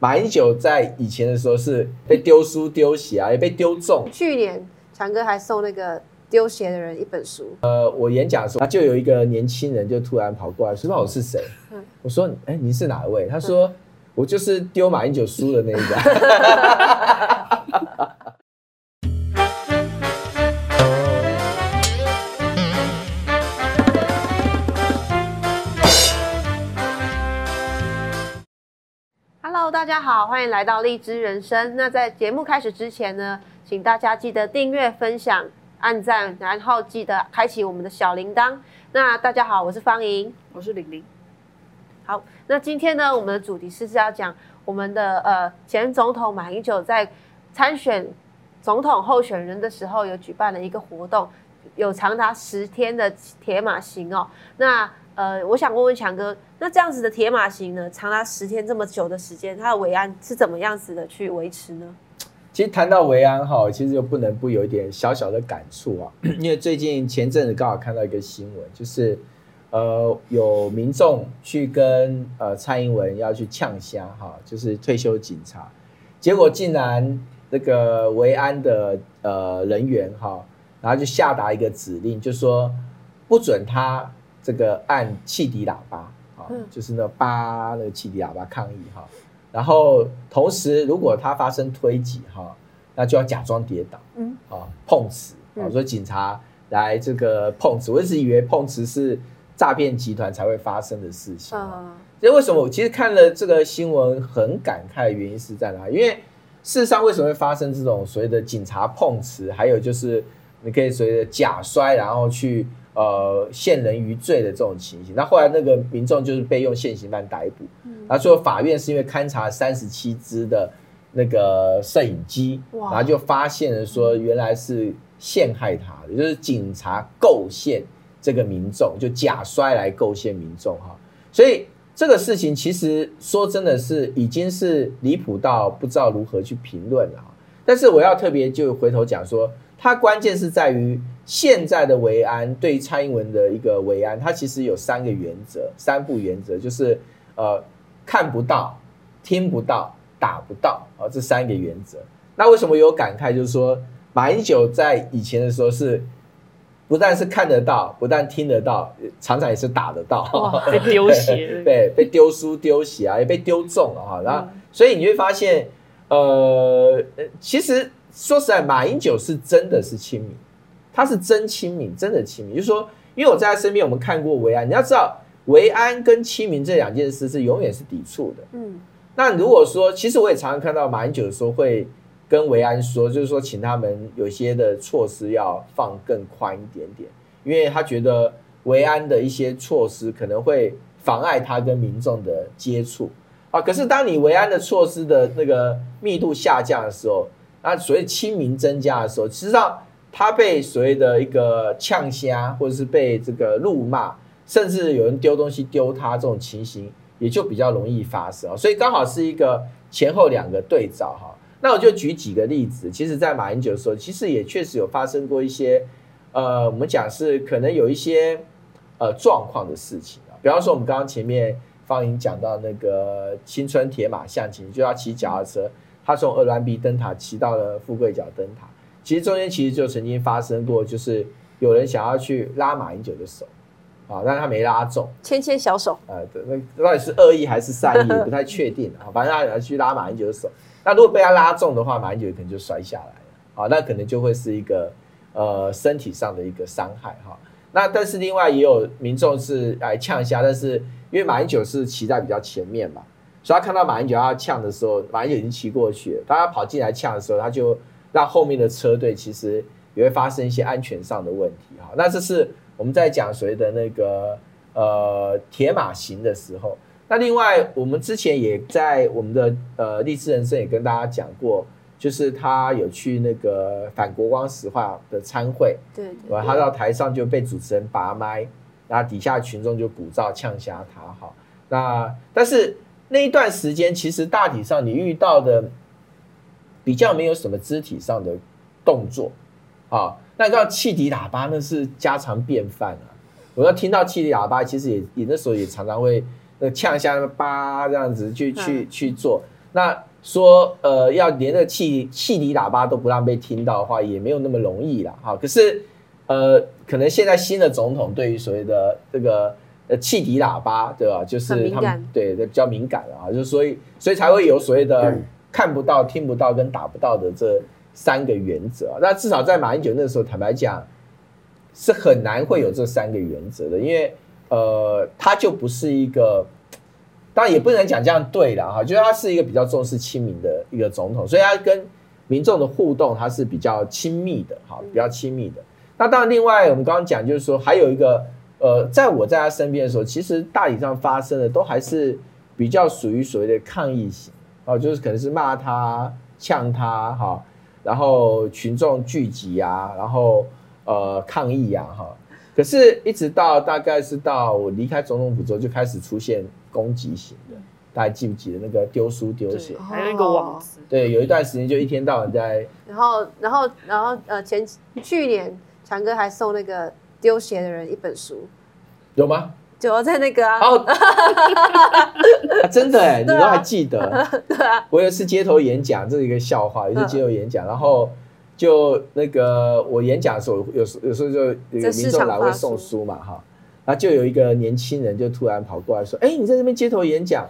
馬英九在以前的時候是被丟書、丟鞋啊，也被丟中。去年強哥還送那個丟鞋的人一本書。呃，我演講的時候，就有一個年輕人就突然跑過來，說：“我是誰？”嗯、我說：“誒、欸、你是哪一位？”他說：“嗯、我就是丟馬英九書的那一個。” 大家好，歡迎來到荔枝人生。那在節目開始之前呢，請大家記得訂閱、分享、按讚，然後記得開啟我們的小鈴鐺。那大家好，我是方瑩，我是玲玲。好，那今天呢，我們的主題是是要講我們的呃前總統馬英九在參選總統候選人的時候，有舉辦了一個活動，有長達十天的鐵馬行哦。那呃，我想問問強哥，那這樣子的鐵馬行呢，長達十天這麼久的時間，他的維安是怎麼樣子的去維持呢？其實談到維安哈，其實又不能不有一點小小的感觸啊，因為最近前陣子剛好看到一個新聞，就是呃有民眾去跟呃蔡英文要去嗆聲哈，就是退休警察，結果竟然那個維安的呃人員哈，然後就下達一個指令，就說不准他。這個按汽笛喇叭，啊嗯、就是那八，那個汽笛喇叭抗議哈，啊。然後同時，如果它發生推擠哈，啊，那就要假裝跌倒，啊、嗯碰瓷啊。所以，嗯、警察來這個碰瓷，我一直以為碰瓷是詐騙集團才會發生的事情啊。那，嗯、為什麼我其實看了這個新聞很感慨？原因是在哪？因為事實上，為什麼會發生這種所謂的警察碰瓷？還有就是，你可以隨着假摔，然後去。呃，陷人於罪的這種情形，那後，後來那個民眾就是被用現行犯逮捕，最後，嗯、法院是因為勘察三十七支的那個攝影機，哇然後就發現了說原來是陷害他的，就是警察構陷這個民眾，就假摔來構陷民眾哈，所以這個事情其實說真的是已經是離譜到不知道如何去評論了。但是我要特別就回頭講說，它關鍵是在於現在的維安對於蔡英文的一個維安，它其實有三個原則，三不原則，就是呃看不到、聽不到、打不到啊、哦，這三個原則。那為什麼有感慨？就是說馬英九在以前的時候是不但是看得到，不但聽得到，常常也是打得到，被丟鞋，對，被丟書、丟鞋啊，也被丟中了哈。哦然後，嗯、所以你會發現。呃，其實說實在，馬英九是真的是親民，他是真親民，真的親民。就是說，因為我在他身邊，我們看過維安。你要知道，維安跟親民這兩件事是永遠是抵觸的。嗯，那如果說，其實我也常常看到馬英九的時候會跟維安說，就是說，請他們有些的措施要放更寬一點點，因為他覺得維安的一些措施可能會妨礙他跟民眾的接觸。啊！可是當你維安的措施的那個密度下降的時候，那、啊、所謂親民增加的時候，事實上他被所謂的一個嗆蝦，或者是被這個怒罵，甚至有人丟東西丟他這種情形，也就比較容易發生。啊、所以剛好是一個前後兩個對照哈、啊。那我就舉幾個例子，其實，在馬英九的時候，其實也確實有發生過一些呃，我們講是可能有一些呃狀況的事情啊。比方說，我們剛剛前面。方瑩講到那個青春鐵馬向前就要騎腳踏車，他從鵝銮鼻燈塔騎到了富貴角燈塔，其實中間其實就曾經發生過，就是有人想要去拉馬英九的手，啊，但他沒拉中，牽牽小手，呃、嗯，那到底是惡意還是善意，不太確定啊。 反正他要去拉馬英九的手，那如果被他拉中的話，馬英九可能就摔下來啊，那可能就會是一個呃身體上的一個傷害哈。那但是另外也有民眾是來嗆一下，但是。因為馬英九是騎在比較前面嘛，所以他看到馬英九要嗆的時候，馬英九已經騎過去了，當他跑進來嗆的時候，他就讓後面的車隊其實也會發生一些安全上的問題哈。那這是我們在講所謂的那個呃鐵馬行的時候，那另外我們之前也在我們的呃荔枝人生也跟大家講過，就是他有去那個反國光石化的餐會，對對，對，然後他到台上就被主持人拔麥。那底下群眾就鼓噪嗆瞎他哈，那但是那一段時間其實大體上你遇到的比較沒有什麼肢體上的動作啊、哦，那個汽笛喇叭那是家常便飯啊。我要聽到汽笛喇叭，其實也也那時候也常常會那嗆瞎那叭這樣子去、嗯、去去做。那說呃要連那汽汽笛喇叭都不讓被聽到的話，也沒有那麼容易啦哈、哦。可是。呃，可能現在新的總統對於所謂的這個呃氣笛喇叭，對吧？就是他們敏感對，比較敏感了啊，就所以，所以才會有所謂的看不到、聽不到跟打不到的這三個原則、啊。嗯、那至少在馬英九那個時候，坦白講，是很難會有這三個原則的，嗯、因為呃，他就不是一個，當然也不能講這樣對啦，哈，就是他是一個比較重視親民的一個總統，所以他跟民眾的互動他是比較親密的，哈，比較親密的。嗯嗯那當然，另外我們剛剛講，就是說還有一個，呃，在我在他身邊的時候，其實大體上發生的都還是比較屬於所謂的抗議型，哦，就是可能是罵他、嗆他，哈、哦，然後群眾聚集啊，然後呃抗議啊，哈、哦。可是，一直到大概是到我離開總統府之後，就開始出現攻擊型的。大家記不記得那個丟書丟鞋？還有一個網。對，有一段時間就一天到晚在。然後，然後，然後，呃，前去年。強哥還送那個丟鞋的人一本書，有嗎？有在那個啊，真的哎，啊、你都還記得？ 對啊，我有一次街頭演講，這是一個笑話。有一次街頭演講、 啊，然後就那個我演講的時候，有時有時候就有民眾來會送書嘛，哈，然後就有一個年輕人就突然跑過來說：“哎、欸，你在那邊街頭演講？”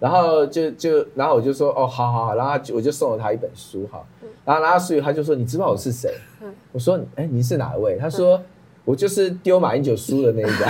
然後就就然後我就說哦好好好，然後我就送了他一本書哈，然後然後所以他就說你知不知道我是誰？嗯、我說哎你是哪一位？他說、嗯、我就是丟馬英九書的那一個，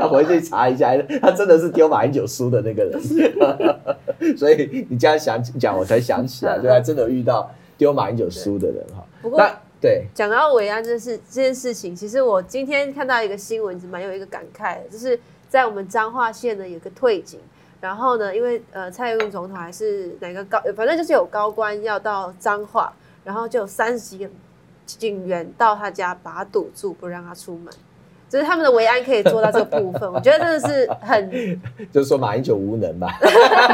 他 回去查一下，他真的是丟馬英九書的那個人， 所以你這樣想講我才想起來，對吧、啊？真的遇到丟馬英九書的人哈。對對不過講到維安，就是這件事情，其實我今天看到一個新聞，是蠻有一個感慨的，就是。在我們彰化縣呢，有一個退警，然後呢，因為呃，蔡英文總統還是哪個高，反正就是有高官要到彰化，然後就有三十幾個警員到他家，把他堵住，不讓他出門，就是他們的維安可以做到這個部分， 我覺得真的是很，就是說馬英九無能吧。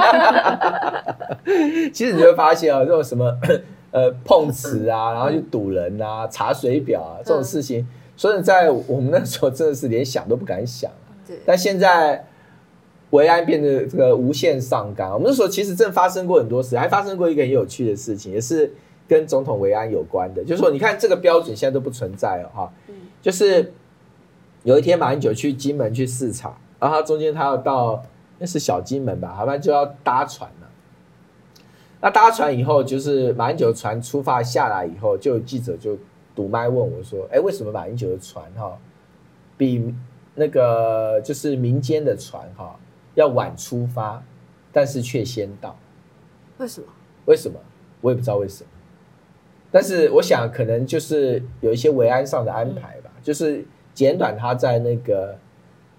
其實你會發現啊，這種什麼、呃、碰瓷啊，然後就堵人啊，查水表啊這種事情，所以、嗯、在我們那時候真的是連想都不敢想。但現在維安變得這個無限上綱，我們說其實正發生過很多事，還發生過一個很有趣的事情，也是跟總統維安有關的，就是說你看這個標準現在都不存在了哈，就是有一天馬英九去金門去視察，然後中間他要到那是小金門吧，好像就要搭船了，那搭船以後就是馬英九的船出發下來以後，就有記者就堵麥問我說，哎，為什麼馬英九的船哈、哦、比？那個就是民間的船哈、哦，要晚出發，但是卻先到，為什麼？為什麼？我也不知道為什麼，但是我想可能就是有一些維安上的安排吧，嗯、就是簡短他在那個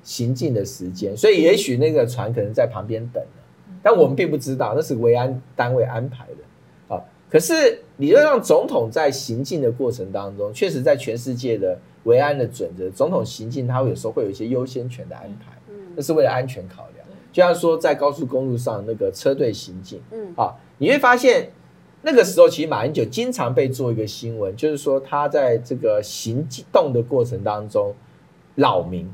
行進的時間，所以也許那個船可能在旁邊等了，但我們並不知道那是維安單位安排的。可是理論上，總統在行進的過程當中，確、嗯、實在全世界的。維安的準則，總統行進他會有時候會有一些優先權的安排，嗯，那、嗯、是為了安全考量。就像說在高速公路上那個車隊行進，嗯啊，你會發現那個時候其實馬英九經常被做一個新聞，就是說他在這個行動的過程當中擾民，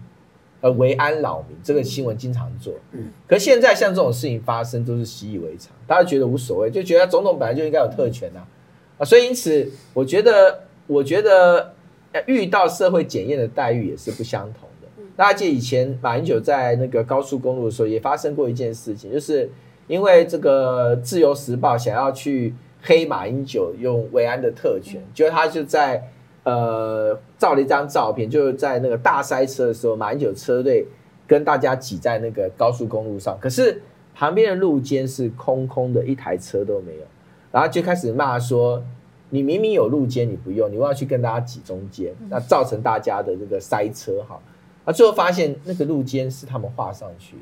呃，維安擾民這個新聞經常做，嗯。可現在像這種事情發生都是習以為常，大家覺得無所謂，就覺得總統本來就應該有特權啊、嗯、啊，所以因此我覺得，我覺得。遇到社會檢驗的待遇也是不相同的。嗯、那還記得以前馬英九在那個高速公路的時候，也發生過一件事情，就是因為這個《自由時報》想要去黑馬英九，用維安的特權，就是、嗯、他就在呃照了一張照片，就是在那個大塞車的時候，馬英九車隊跟大家擠在那個高速公路上，可是旁邊的路肩是空空的，一台車都沒有，然後就開始罵說。你明明有路肩，你不用，你忘了去跟大家擠中間，那造成大家的那個塞車哈，啊，最後發現那個路肩是他們畫上去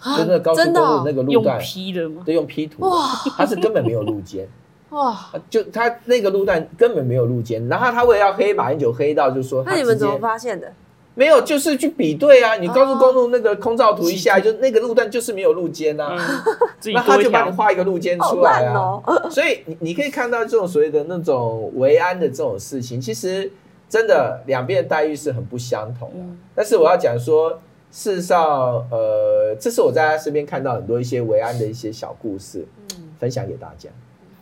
的，真的蛤高速公路的那個路段都、啊、用，用 P 圖，他哇是根本沒有路肩，哇，啊、就他那個路段根本沒有路肩，然後他為了要黑馬英九，黑到就說，那你們怎麼發現的？沒有，就是去比對啊！你高速公路那個空照圖一下，哦、就那個路段就是沒有路肩啊。嗯、那他就幫你畫一個路肩出來啊。哦哦、所以你你可以看到這種所謂的那種維安的這種事情，其實真的兩邊的待遇是很不相同的、啊。嗯、但是我要講說，事實上，呃，這是我在他身邊看到很多一些維安的一些小故事，嗯、分享給大家。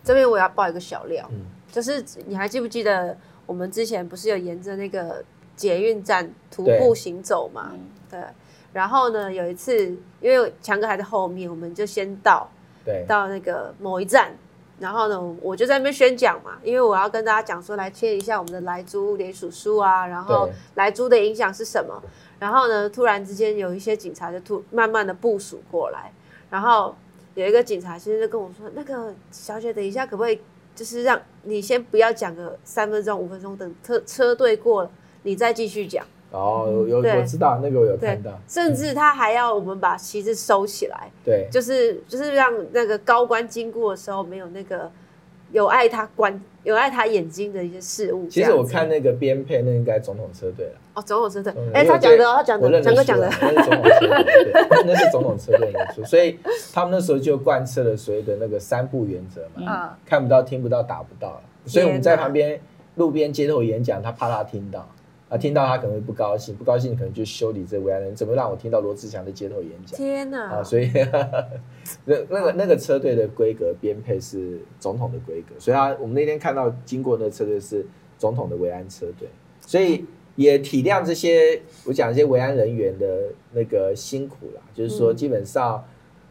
這邊我要爆一個小料，嗯、就是你還記不記得我們之前不是有沿着那個捷運站徒步行走嘛，對、對。然後呢，有一次，因為強哥還在後面，我們就先到，對，到那個某一站。然後呢，我就在那邊宣講嘛，因為我要跟大家講說，來簽一下我們的萊豬連署書啊，然後萊豬的影響是什麼。對然後呢，突然之間有一些警察就突慢慢的部署過來，然後有一個警察其實就跟我說：“那個小姐，等一下可不可以，就是讓你先不要講個三分鐘、五分鐘，等車車隊過了。”你再繼續講哦，有我知道那個我有看到，甚至他還要我們把旗子收起來，對，就是就是讓那個高官經過的時候沒有那個有礙他觀有礙他眼睛的一些事物。其實我看那個編配那應該總統車隊了，哦，總統車隊，哎，他講的，他講的，講的講的，那是總統車隊，那是總統車隊，所以他們那時候就貫徹了所謂的那個三不原則嘛，看不到、聽不到、打不到，所以我們在旁邊路邊街頭演講，他怕他聽到。啊，聽到他可能會不高興，不高興你可能就修理這維安人。怎麼讓我聽到羅智強的街頭演講？天哪、啊！啊，所以呵呵那那個那個車隊的規格編配是總統的規格，所以他我們那天看到經過那個車隊是總統的維安車隊，所以也體諒這些、嗯、我講一些維安人員的那個辛苦啦，就是說基本上、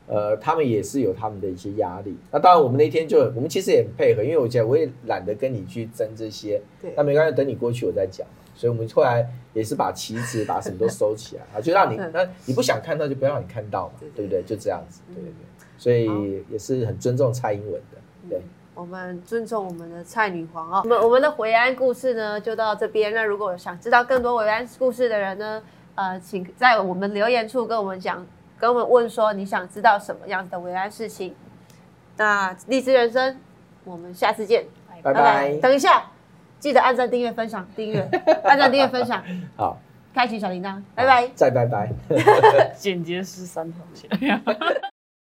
嗯呃、他們也是有他們的一些壓力。那當然我們那天就我們其實也很配合，因為我覺得我也懶得跟你去爭這些，對，那沒關係，等你過去我再講。所以，我們後來也是把旗子，把什麼都收起來啊。 就讓你那對 你不想看到，就不讓你看到嘛，對不對，對？就這樣子，對不對，對。所以也是很尊重蔡英文的，對。好對我們尊重我們的蔡女皇啊、哦。我們我們的維安故事呢，就到這邊。那如果想知道更多維安故事的人呢，呃，請在我們留言處跟我們講，跟我們問說你想知道什麼樣子的維安事情。那荔枝人生，我們下次見，拜拜。拜拜，等一下。記得按讚、訂閱、分享，訂閱、 按讚、訂閱、分享。 好，開啟小鈴鐺，好拜拜，再拜拜。簡 潔 是三條線。